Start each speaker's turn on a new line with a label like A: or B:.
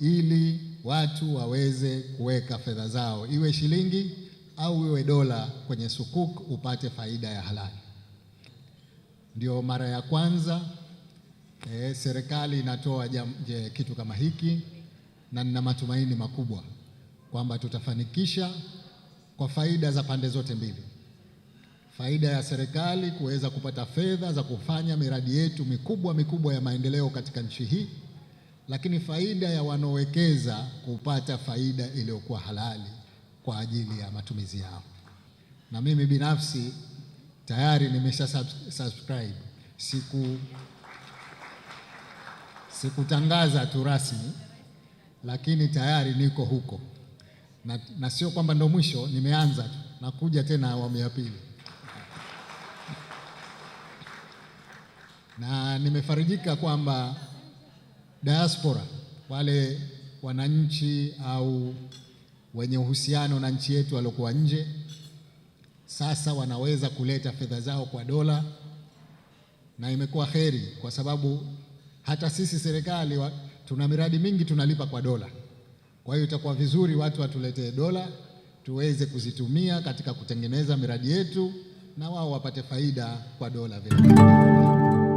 A: ili watu waweze kuweka fedha zao, iwe shilingi au iwe dola kwenye sukuk, upate faida ya halali. Ndio mara ya kwanza e, serikali inatoa jam, je, kitu kama hiki, na nina matumaini makubwa kwamba tutafanikisha kwa faida za pande zote mbili, faida ya serikali kuweza kupata fedha za kufanya miradi yetu mikubwa mikubwa ya maendeleo katika nchi hii lakini faida ya wanaowekeza kupata faida iliyokuwa halali kwa ajili ya matumizi yao. Na mimi binafsi tayari nimesha subscribe, siku sikutangaza tu rasmi, lakini tayari niko huko na, na sio kwamba ndo mwisho, nimeanza tu, nakuja tena awamu ya pili na nimefarijika kwamba diaspora, wale wananchi au wenye uhusiano na nchi yetu waliokuwa nje, sasa wanaweza kuleta fedha zao kwa dola, na imekuwa heri kwa sababu hata sisi serikali tuna miradi mingi tunalipa kwa dola. Kwa hiyo itakuwa vizuri watu watuletee dola tuweze kuzitumia katika kutengeneza miradi yetu na wao wapate faida kwa dola vile.